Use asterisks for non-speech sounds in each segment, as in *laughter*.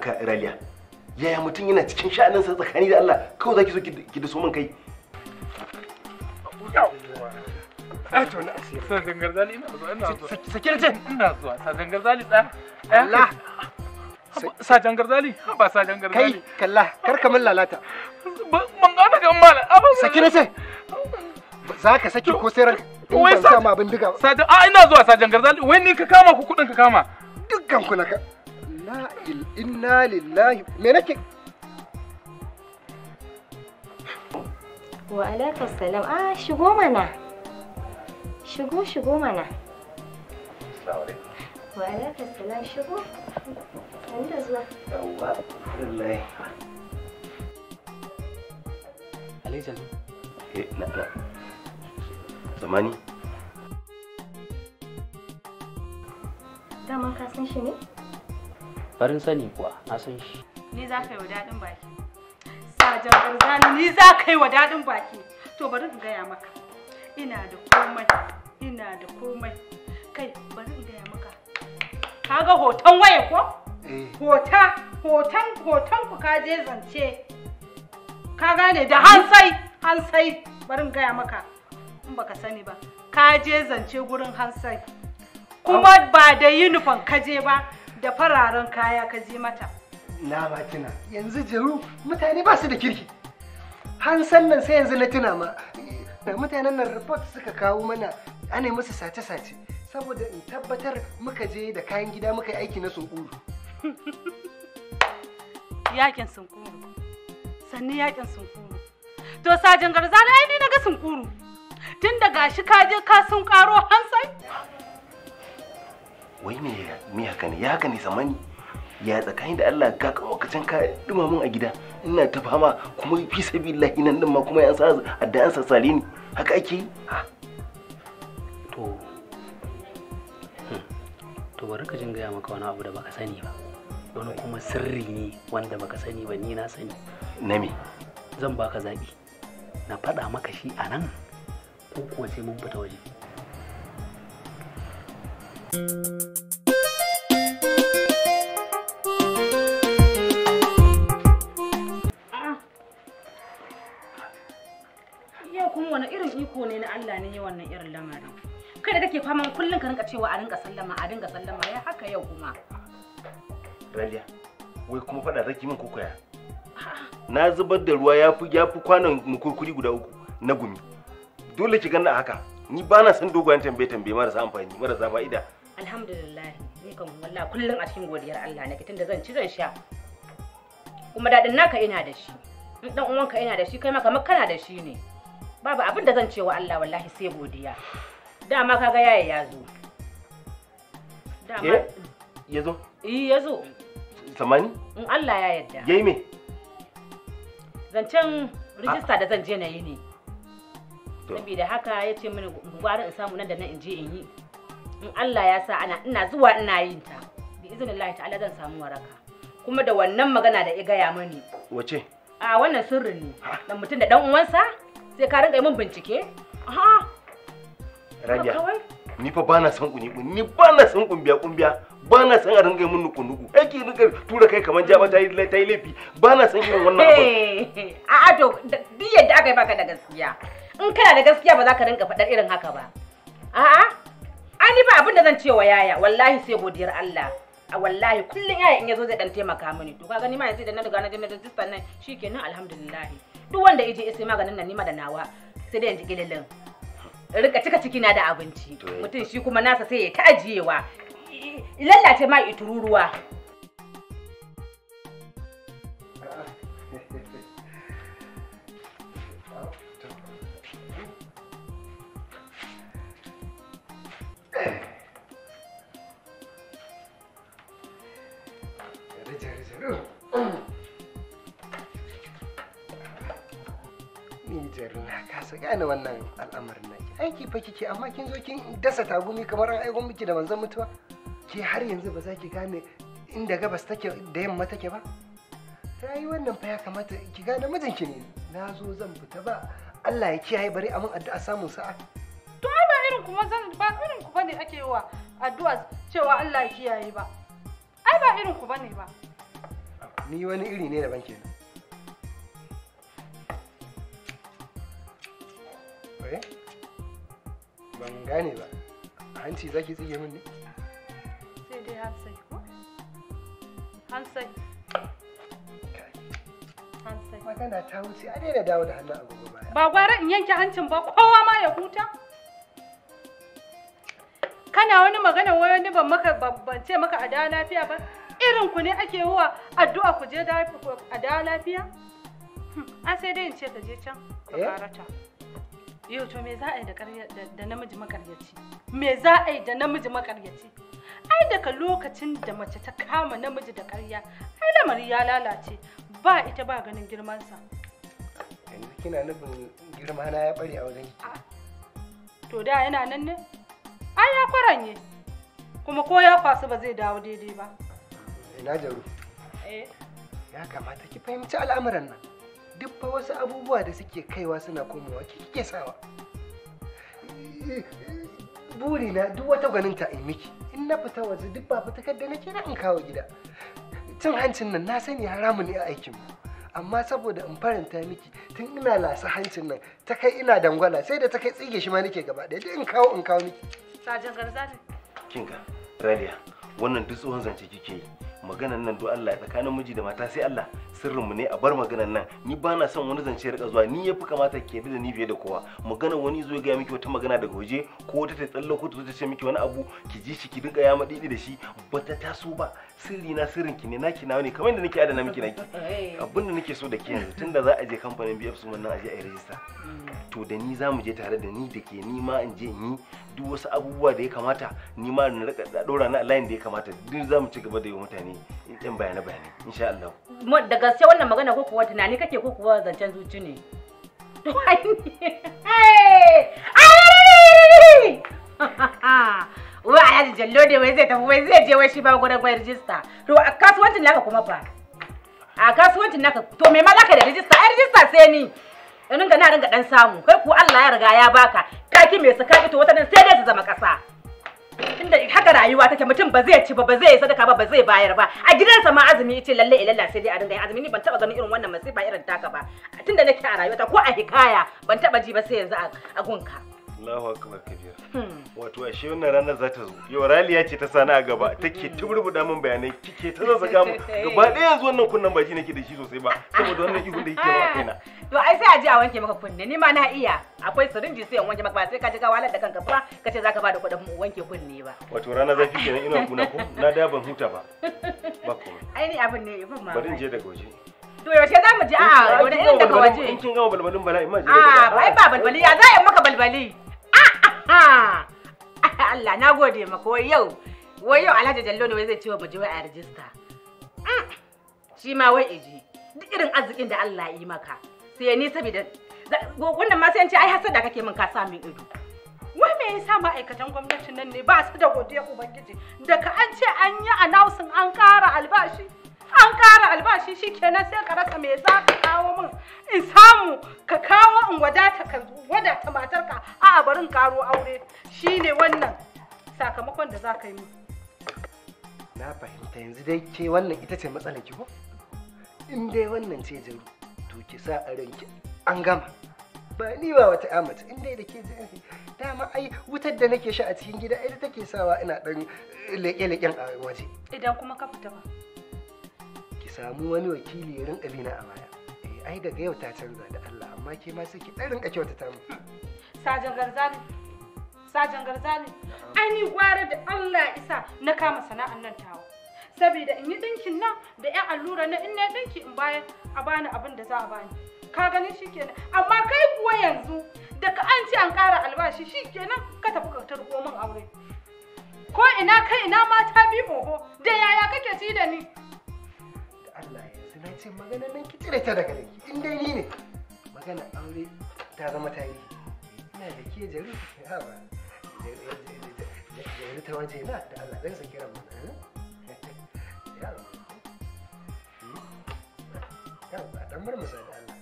raliya yaya mutum yana cikin sha'aninsa tsakani da Allah kawai zaki so ki da so min kai Sadangar garzali? ba Kai kalla kar ka min lalata. Ban gane ga mala. na Za ka saki ko sai ranka. Wai sa ma bindiga. Sadan a ina ni ka kama ku kudin ka kama. Dukkan ku na inna lillahi me nake wa alaikum salam ah shigo mana shigo shigo mana wa alaikum salam shigo wanda zuwa yawa wallahi alaikum eh na na zamani dama ka san shi ne farin sani kuwa na san shi ni za ka yi wa daɗin baki sajan garzani ni za ka yi wa daɗin baki to bari in gaya maka ina da komai ina da komai kai bari in gaya maka ga hoton waye ko eh. hota hoton hoton ku ka je zance ka gane da hansai hansai bari in gaya maka in baka sani ba ka je zance gurin hansai kuma ba da yunifon ka je ba da fararen kaya ka je mata na ba tuna yanzu jaru mutane ba su da kirki hansan nan sai yanzu na tuna ma da mutanen nan report suka kawo mana ana yi musu sace-sace saboda in tabbatar muka je da kayan gida muka yi aiki na sunkuru *laughs* yakin sunkuru sannu yakin sunkuru to sajin garza na aini na ga sunkuru tun da gashi ka je ka sun karo hansai wai me me haka ne ya haka ne zamani ya tsakani da Allah ka kan wakacin ka dumamin a gida ina ta fama kuma fi sabilillahi nan din ma kuma yan sa addan sa sassare ni haka ake yi ah. to hmm. to bari ka jin gaya maka wani abu da baka sani ba wani kuma sirri ne wanda baka sani ba ni na sani na me zan baka zaɓi na faɗa maka shi a nan ko kuwa sai mun fita waje irin ah. irin iko ne na Allah kake faman kullum ka rinka cewa a rinka sallama a rinka sallama ya haka yau kuma. Raliya, wai kuma faɗa zaki min kokoya. Na zubar da ruwa ya fi ya fi kwanan mukurkuri guda uku na gumi. Dole ki ganna haka. Ni ba na san dogon tambaye tambaye marasa amfani marasa fa'ida. alhamdulillah ni kan wallah kullum a cikin godiyar Allah nake tunda zan ci zan sha kuma dadin naka ina da shi in dan ka ina da shi kai ma kamar kana da shi ne babu abin da zan ce wa Allah wallahi sai godiya dama kaga yayi ya zo dama eh, ya zo eh ya zo samani in Allah ya yarda yayi me zancen rijista ah. da zan je na yi ne saboda haka ya ce mini gwara in samu nan da nan in je in yi in Allah ya sa ana ina zuwa ina yin ta bi iznillahi ta'ala zan samu waraka kuma da wannan magana da ya gaya mani wace a wannan sirrin ne dan mutum da dan uwansa sai ka rinka min bincike aha rabia ni fa bana san kuni ni bana san kumbiya kumbiya bana san a ringa min nuku nuku aiki ringa tura kai kamar jaba ta yi ta yi laifi bana san irin wannan abu a a to duk yadda aka yi baka da gaskiya in kana da gaskiya ba za ka rinka faɗar irin haka ba a'a Wani ni ba abin da zan cewa yaya wallahi sai godiyar Allah a wallahi kullum yaya in yazo zai dan taimaka mini to kaga ni ma yanzu da na riga na na rijista nan shikenan alhamdulillah duk wanda yaje sai maganin nan ni ma da nawa sai da yanzu gilalin. rika cika ciki na da abinci mutum shi kuma nasa sai ya ta ajiyewa lallace ma tururuwa. gane wannan al'amarin nan aiki fa kike amma kin zo kin dasa tagumi kamar an aiko miki da manzon mutuwa ke har yanzu ba za ki gane inda gabas take da yamma take ba rayuwar wannan fa ya kamata ki gane mijinki ne na zo zan fita ba Allah ya kiyaye bari amin addu'a samun sa'a to ai ba irin kuma zan ba irin ku bane ake wa addu'a cewa Allah ya kiyaye ba ai ba irin ku bane ba ni wani iri ne daban kenan Eh? Ban gane ba. Hanci zaki tsige min ne? Sai dai Hansai ko? Hansai. Hansai. Magana ta wuce a daina dawo da hannun agogo baya. Ba gwara in yanke hancin ba kowa ma ya huta. Kana wani magana wai wani ban maka ban ce maka a da lafiya ba. Irin ku ne ake wa addu'a ku je da a da lafiya? Hm, An sai dai in ce ka je can ka karata. Eh? Yau to me za a yi da namiji makaryaci? Me za a yi da namiji makaryaci? Ai daga lokacin da mace ta kama namiji da karya, ai lamari ya lalace ba ita ba ganin girmansa. Yanzu kina nufin girma na ya bari a wajen To da yana nan ne? Ai ya kwaranye. Kuma ko ya kwasu ba zai dawo daidai ba. Ina jaru. Eh. Ya kamata ki fahimci al'amuran nan. duk fa wasu abubuwa da suke kaiwa suna komowa ki kike sawa buri na duk wata gwaninta in miki in na fita waje duk ba fitakar da nake na in kawo gida cin hancin nan na sani haramun ne a aikin mu amma saboda in faranta miki tun ina lasa hancin nan ta kai ina dangwala sai da ta kai tsige shi ma nake gaba da in kawo in kawo miki sajan garzani kinga radiya wannan duk tsohon zance kike yi maganan nan do Allah tsakanin miji da mata sai Allah sirrinmu ne a bar maganar nan ni ba na son wani zance rika zuwa ni yafi kamata ke da ni fiye da kowa magana wani zo ya gaya miki wata magana daga waje ko wata ta tsalle ko ta ce miki wani abu ki ji shi ki dinga ya madidi da shi ta taso ba sirri na sirrin ki ne naki nawa ne kamar yadda nake adana miki naki *laughs* abin da nake so da ke yanzu tunda za a je kamfanin BF su nan a je a yi rajista mm. to da ni za mu je tare da ni da ke ni ma in je in yi duk wasu abubuwa da ya kamata ni ma na rika daura na line da ya kamata duk za mu ci gaba da yi mutane in bayane bayane insha Allah daga gaske wannan magana ko kuwa tunani kake ko kuwa zancen zuci ne to ai da *laughs* jallo ne wai zai tafi wai zai je wai shi ba gurin wai rijista to a kasuwancin naka kuma fa a kasuwancin naka to me ma zaka da rijista ai rijista sai ni in ringa na ringa dan samu kai ku Allah ya riga ya baka kaki mai su ka fito wata nan sai dai su zama kasa da haka rayuwa take mutum ba zai ci ba ba zai sadaka ba ba zai bayar ba a gidansa ma azumi yace lalle ilalla eh, sai dai a dinga yin azumi ni ban taba ganin irin wannan masifa irin taka ba tunda nake a rayuwata ko a hikaya ban taba ji ba sai yanzu a gunka Allahu akbar kabir. Hmm. Wato ashe wannan ranar za ta zo. Yau Raliya ce ta sani a gaba take tuburbuda min bayanai kike ta zazzaka mu *laughs* gaba ɗaya yanzu wannan kunnen baki nake da shi sosai ba saboda wannan ihun da yake ba kaina. *laughs* To ai sai a je a wanke maka kunne ni ma na iya akwai sirinji sai in wanke maka ba sai ka je ka walar da kanka fa ka ce zaka bada kuɗin wanke kunne ba. Wato rana zafi kenan ina kuna ko na da ban huta ba. Ba komai. Ai ni abin ne ban ma. Bari in je daga waje. To yaushe za mu je a ah, wani irin daga waje? In kin gama balbalin bala'i ma je ah, daga waje. ai ba balbali ya za a yi maka balbali. *laughs* Allah na gode maka wai yau. Wai yau Alhaji Jallo ne wai zai ce wa muje wai a rajista. Mm. Shi ma wai iji. Duk irin arzikin da Allah ya yi maka. Sai ni saboda wannan ma sai an ce ai hasada kake min ka sa min ido. Wai me yasa ma'aikatan gwamnati nan ne ba su da godiya Ubangiji? Daga an ce an yi announcing an ƙara albashi. an ƙara albashi shikenan sai ka rasa me za ka kawo min in samu ka kawo in wadata ka wadata matarka a'a barin karo aure shine wannan sakamakon da za ka yi na fahimta yanzu dai ke wannan ita ce matsalar ki ko in dai wannan ce jaru to ki sa a ranki an gama ba ni ba wata amata in dai da ke dama ai wutar da nake sha a cikin gida ita take sawa ina dan eh, leke-leken a waje idan kuma ka fita ba samu wani wakili ya rinka bina a baya eh, ai daga yau ta canza da Allah amma ke ma sai ki dan rinka kyautata mu sajan garzani sajan garzani ai gwara da Allah isa na kama sana'an nan tawo saboda in yi dinkin nan da yan allura na in ne dinki in bayar a bani abin da za a bani ka gani shikenan amma kai kuwa yanzu daga an ce an kara albashi shikenan ka tafi ka tarko min aure ko ina kai ina mata magana nan ki ta daga nan in dai ni ne magana aure ta zama yi ina da ke jaru ha ba jaru ta waje na da Allah zan saki ran ba dan bar musa da Allah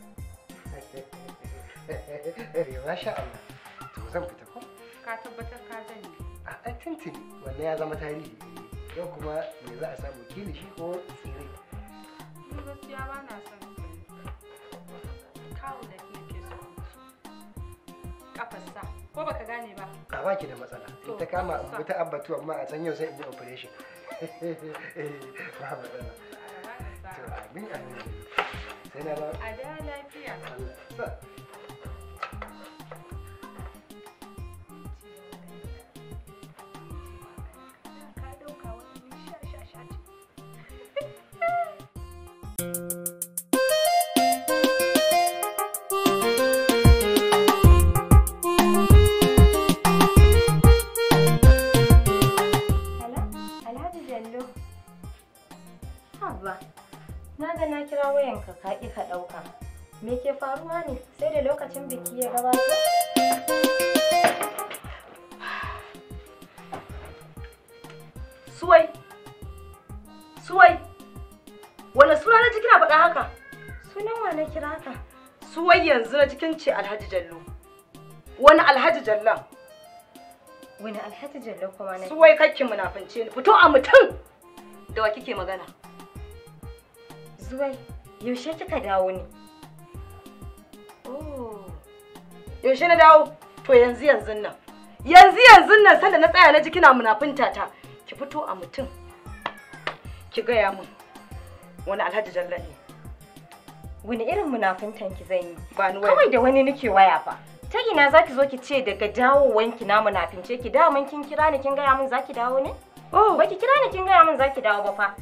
*laughs* eh, masha Allah to zan fita ko ka tabbatar ka janye a tantini wannan ya zama tarihi yau kuma me za a samu shi ko tsire ni gaskiya ba na son kawo da ke ke so kafarsa ko baka gane ba a baki da matsala ta kama wata abbatu amma a can yau sai in yi operation *laughs* eh, ba matsala to abin a sai na lafiya ma ne sai da lokacin biki ya gabato. Suwai, suwai, wane suna na cikin abada haka? Sunan wa na kira haka? Suwai yanzu na cikin ce Alhaji Jallo. Wani Alhaji Jallon? Wani Alhaji Jallo kuma na Suwai kakkin munafince ni fito a mutum da wa kike magana? Zuwai, yaushe kika dawo ne? yaushe na dawo to yanzu yanzu nan yanzu yanzu nan sanda na tsaya na ji kina munafinta ta ki fito a mutum ki gaya min wani alhaji jalla ne wani irin munafintan ki zan yi kawai da wani nake waya fa ta ina zaki zo ki ce daga dawowanki na munafince ki daman kin kira ni kin gaya min zaki dawo ne oh baki kira ni kin gaya min zaki dawo ba fa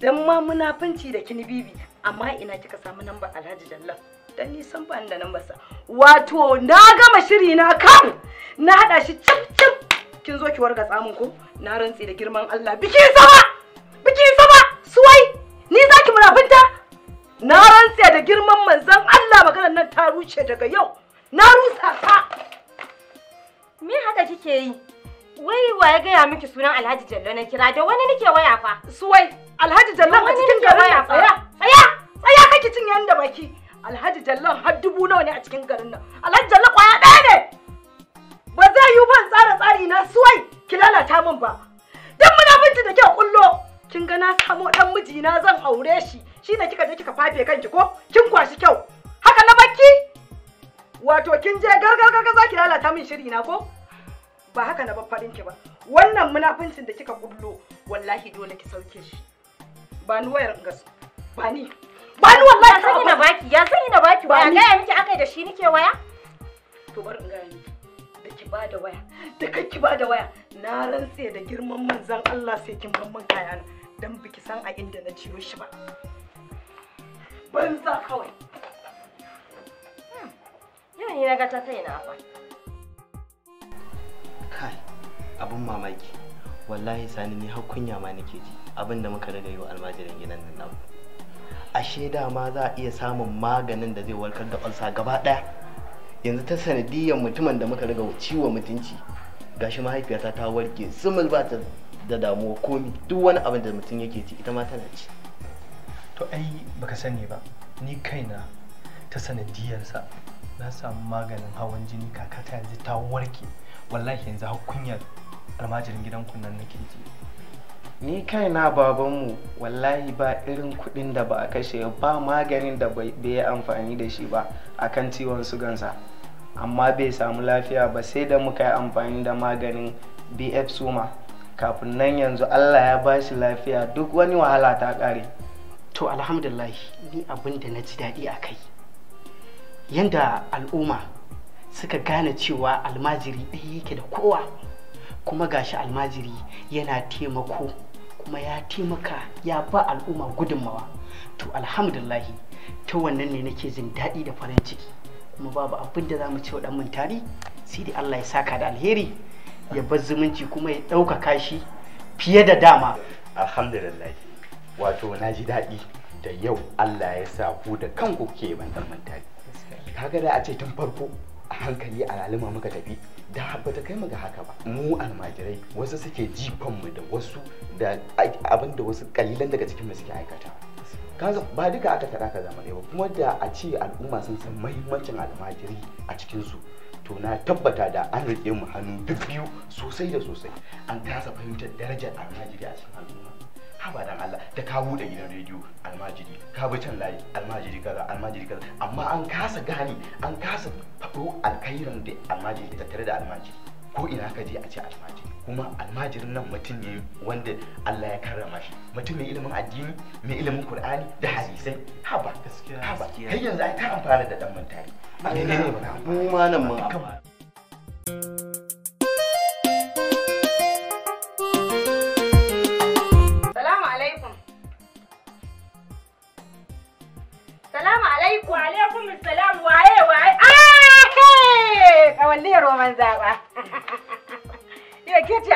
dan ma munafinci da kini bibi amma ina kika samu number alhaji jalla dan nisan ban da nan basa wato na gama shiri na kan, na hada shi cip cip kin zo ki warga tsamin ko na rantsi da girman Allah bikin sama bikin sama suwai ni zaki munafinta na rantsi da girman manzon Allah maganar nan ta ruce daga yau na rusa ka me haka kike yi wai wa ya gaya miki sunan Alhaji Jallo na kira da wani nake waya fa suwai Alhaji Jallo a cikin garin tsaya tsaya tsaya kake cin yanda baki Alhaji Jallan har dubu nawa ne a cikin garin nan. Alhaji Jallan kwaya ɗaya ne. Ba zai yi ban tsara tsari na suwai ki lalata min ba. Duk munafunci da kyau kullo. Kin ga na dan ɗan mijina zan aure shi. Shi ne kika je kika fafe kanki ko? Kin kwashi kyau. Haka na bakki? Wato kin je gargaga za ki lalata min shiri na ko? Ba haka na faɗin ki ba. Wannan munafuncin da kika kullo wallahi dole ki sauke shi. Ba ni wayar gasu. Ba ni. ba ni wallahi ya na baki ya zan na baki waya ga ya miki da shi nike waya to bari in da ki ba da waya da ba da na rantse da girman manzon Allah sai kin ban man kaya dan biki san a inda na ciro shi ba banza kawai hmm, yau ni na ga ta kai na fa kai abun mamaki wallahi sani ni har kunya ma nake ji abin muka rage yi wa almajirin gidan nan namu ashe ma za a iya samun maganin da zai warkar da ulsa gaba ɗaya yanzu ta sanadiyar mutumin da muka riga ciwo mutunci gashi mahaifiyata ta warke sumul ba ta da damuwa komi duk wani abin da mutum yake ci ita ma tana ci to ai baka sani ba ni kaina ta sanadiyarsa na samu maganin hawan jini kakata yanzu ta warke wallahi yanzu har kunyar almajirin gidan kunnan nake ji ni kaina babanmu wallahi ba irin kudin da ba a kashe ba maganin da bai yi amfani da shi ba a kan ciwon sugansa amma bai samu lafiya ba sai da muka yi amfani da maganin bf suma kafin nan yanzu allah ya ba shi lafiya duk wani wahala ta kare to alhamdulahi ni abin da na ji daɗi a kai yadda al'umma suka gane cewa almajiri ɗaya yake da kowa kuma gashi almajiri yana taimako kuma ya taimaka ya ba al'umma gudunmawa to alhamdulahi ta wannan ne nake jin daɗi da farin ciki kuma babu abin da za mu ce wa ɗan tari sai dai Allah ya saka da alheri ya bar zumunci kuma ya ɗaukaka shi fiye da dama alhamdulillah wato na ji daɗi da yau Allah ya sa ku da kanku ke ban ɗan tari kaga da a ce tun farko a hankali a lalima muka tafi da ba ta kai mu ga haka ba mu almajirai wasu suke jifan mu da wasu da abin wasu kalilan daga cikin mu suke aikata kaga ba duka aka tada ka zama ba kuma da a ce al'umma sun san mahimmancin almajiri a cikin su to na tabbata da an rike mu hannu duk biyu sosai da sosai an kasa fahimtar darajar almajiri a cikin al'umma haba dan Allah da ka bude gidan rediyo almajiri ka bi can layi almajiri kaza almajiri kaza amma an kasa gani an kasa fado alkhairin da almajiri ta tare da almajiri ko ina ka je a ce almajiri kuma almajirin nan mutum ne wanda Allah ya karrama shi mutum mai ilimin addini mai ilimin Qur'ani da hadisai haba haba kai yanzu ai ka amfana da dan mintari a ne ne mu ma nan mun amfana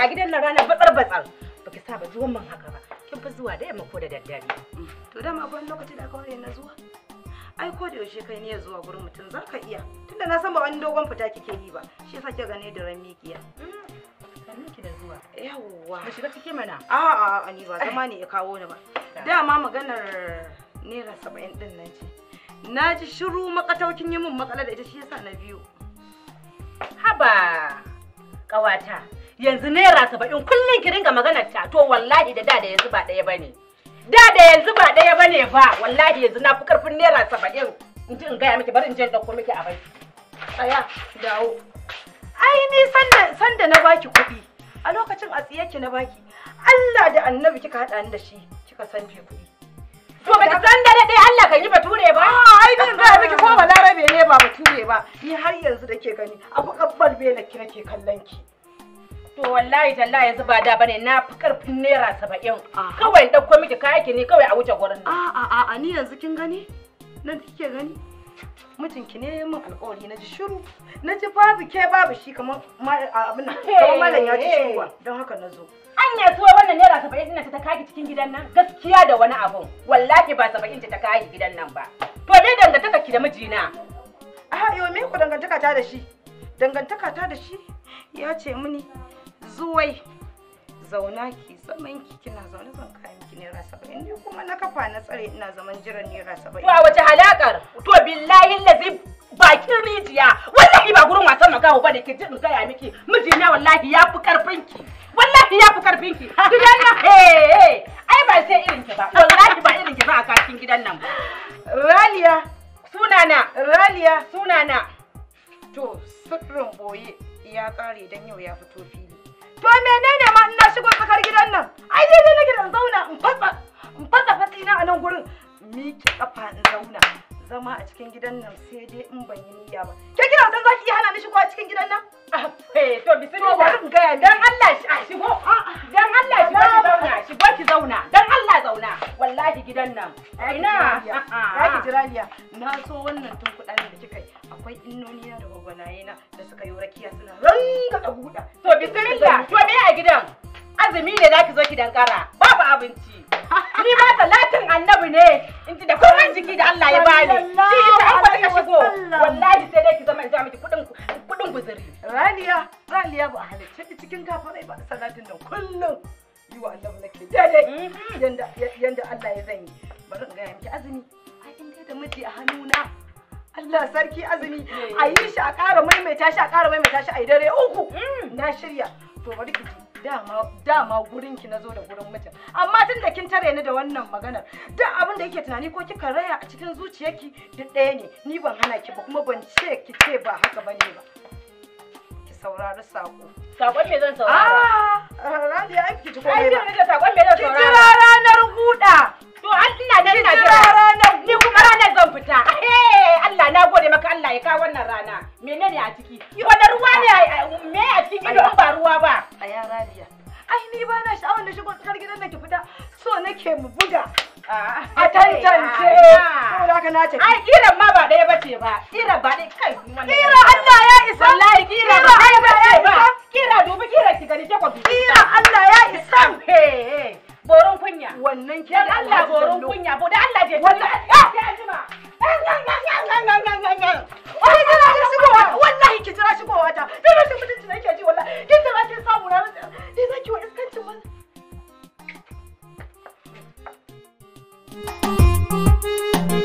ga gidan nan rana batsar batsar ba baki sa ba zuwan man haka ba kin fi zuwa da yamma ko da daddare to dama akwai lokaci da aka ware na zuwa ai ko da yaushe kai ne ya zuwa gurin mutum za ka iya tunda na san ba wani dogon fita kike yi ba shi yasa kika gane da ran mikiya miki da zuwa yawwa ba shiga ciki mana a a ni ba eh. zama ne ya kawo ni ba dama maganar naira saba'in din nan ce na ji shiru makataukin yi min matsala da ita shi yasa na biyu haba ƙawata yanzu naira saba'in kullum ki dinga maganar ta to wallahi da da da yanzu ba ɗaya bane da da yanzu ba ɗaya bane fa wallahi yanzu na fi karfin naira saba'in in ji in gaya miki bari in je ɗauko miki abai tsaya dawo ai ni sanda da na baki kuɗi a lokacin a ki na baki Allah da annabi kika haɗa ni da shi kika san je kuɗi To ba ki san dare dai Allah kan yi bature ba. Ai din ga miki ko balarabe ne ba bature ba. Ni har yanzu da ke gani abu kabbal be na kira ke kallon ki. To wallahi talla yanzu ba da bane na fi karfin naira saba'in. Kawai ɗauko miki kayaki ne kawai a wuce gurin nan. A'a a'a ni yanzu kin gani? Nan kike gani? Mijinki ne min alƙawari na ji shiru. Na ji babu ke babu shi kamar abin Kamar malam ya ji shiruwa. Don haka na zo. An ya tuwa wannan naira saba'in ɗin ta kaki cikin gidan nan gaskiya da wani abun. Wallahi ba saba'in ta kaki gidan nan ba. To me dangantaka ki da mijina? a yo me ku dangantaka ta da shi? Dangantaka ta da shi ya ce mini zuwai zauna ki zaman ki kina zaune zan kai miki naira saba'in ni kuma na kafa na tsare ina zaman jiran naira saba'in. To a wace halakar? To billahi lazi bakin rijiya wallahi ba gurin wasan magawo ba da ke jin gaya miki mijina wallahi ya fi karfin ki wallahi ya fi karfin ki gidan *laughs* nan ai ba sai irin ki ba wallahi ba irin ki ba a kafin gidan nan ba. Raliya sunana Raliya sunana to sirrin boye ya kare dan yau ya fito fili. To menene ma ina shigo tsakar gidan nan? Ai daidai na gidan zauna in fasa in fasa na a nan gurin. Miƙe kafa in zauna. Zama a cikin gidan nan sai dai in ban yi niyya ba. Ke kina san zaki iya hana ni shigo a cikin gidan nan? Ah, eh to bismillah. To bari in gaya dan Allah shigo. Dan Allah shigo ki zauna. Shigo ki zauna. Dan Allah zauna. Wallahi gidan nan. Ina. Ah, ah. ki jiraliya. Na so wannan tun akwai innoni na da gwagwanaye na da suka yi rakiya suna ranga da huda to bismillah to me a gidan azumi ne zaki zo ki dankara babu abinci ni ma talatin annabi ne in ji da kowan jiki da Allah ya bani shi ita an ka shigo wallahi sai dai ki zama in ja miki kudin kudin guzuri raliya raliya ba halicce cikin gafarai ba salatin da kullum yi wa annabi nake daidai mhm. yanda Allah ya zanyi bari in ga miki azumi a kin da miji a hannuna Allah sarki azumi a yi shi a ƙara maimaita shi a ƙara maimaita shi a dare uku mm. na shirya to bari ki dama dama gurin ki nazo da gurin mutum amma tun da kin tare ni da wannan maganar duk abin da yake tunani ko kika raya a cikin zuciyarki duk ɗaya ne ni ban hana ki ba kuma ban ce ki ce ba haka bane ba ki saurari sako sakon me zan saurara a ah, ran da ya aiki ki komai ba ai ki rike sakon me zan saurara ki jira ranar huda To Allah ne ina jira. ranar ni kuma ranar zan fita. Allah na gode maka Allah ya kawo wannan rana. Menene a ciki? Wanda ruwa ne me a cikin ido ba ruwa ba. A ya Rabia. Ai ni ba na sha'awar da shigo tsakar gidan da ki fita. So nake mu buga. Ah, a tantance. Ah, Saboda haka na tafi. Ai kira ma ba ɗaya bace ba. Kira ba ɗaya kai. Kira Allah ya isa. Wallahi kira ba ɗaya bace ba. Kira dubi kira ki gani ke kwa Kira Allah ya isa. Boron kunya. Wannan ke da Allah boron kunya. Bo da Allah je. Wannan ke ajima. Wai jira ki shigowa. Wallahi ki jira shigowa ta. Ki mutunci nake ji wallahi. jira samu na. Ni zaki wa iskancin Thank you.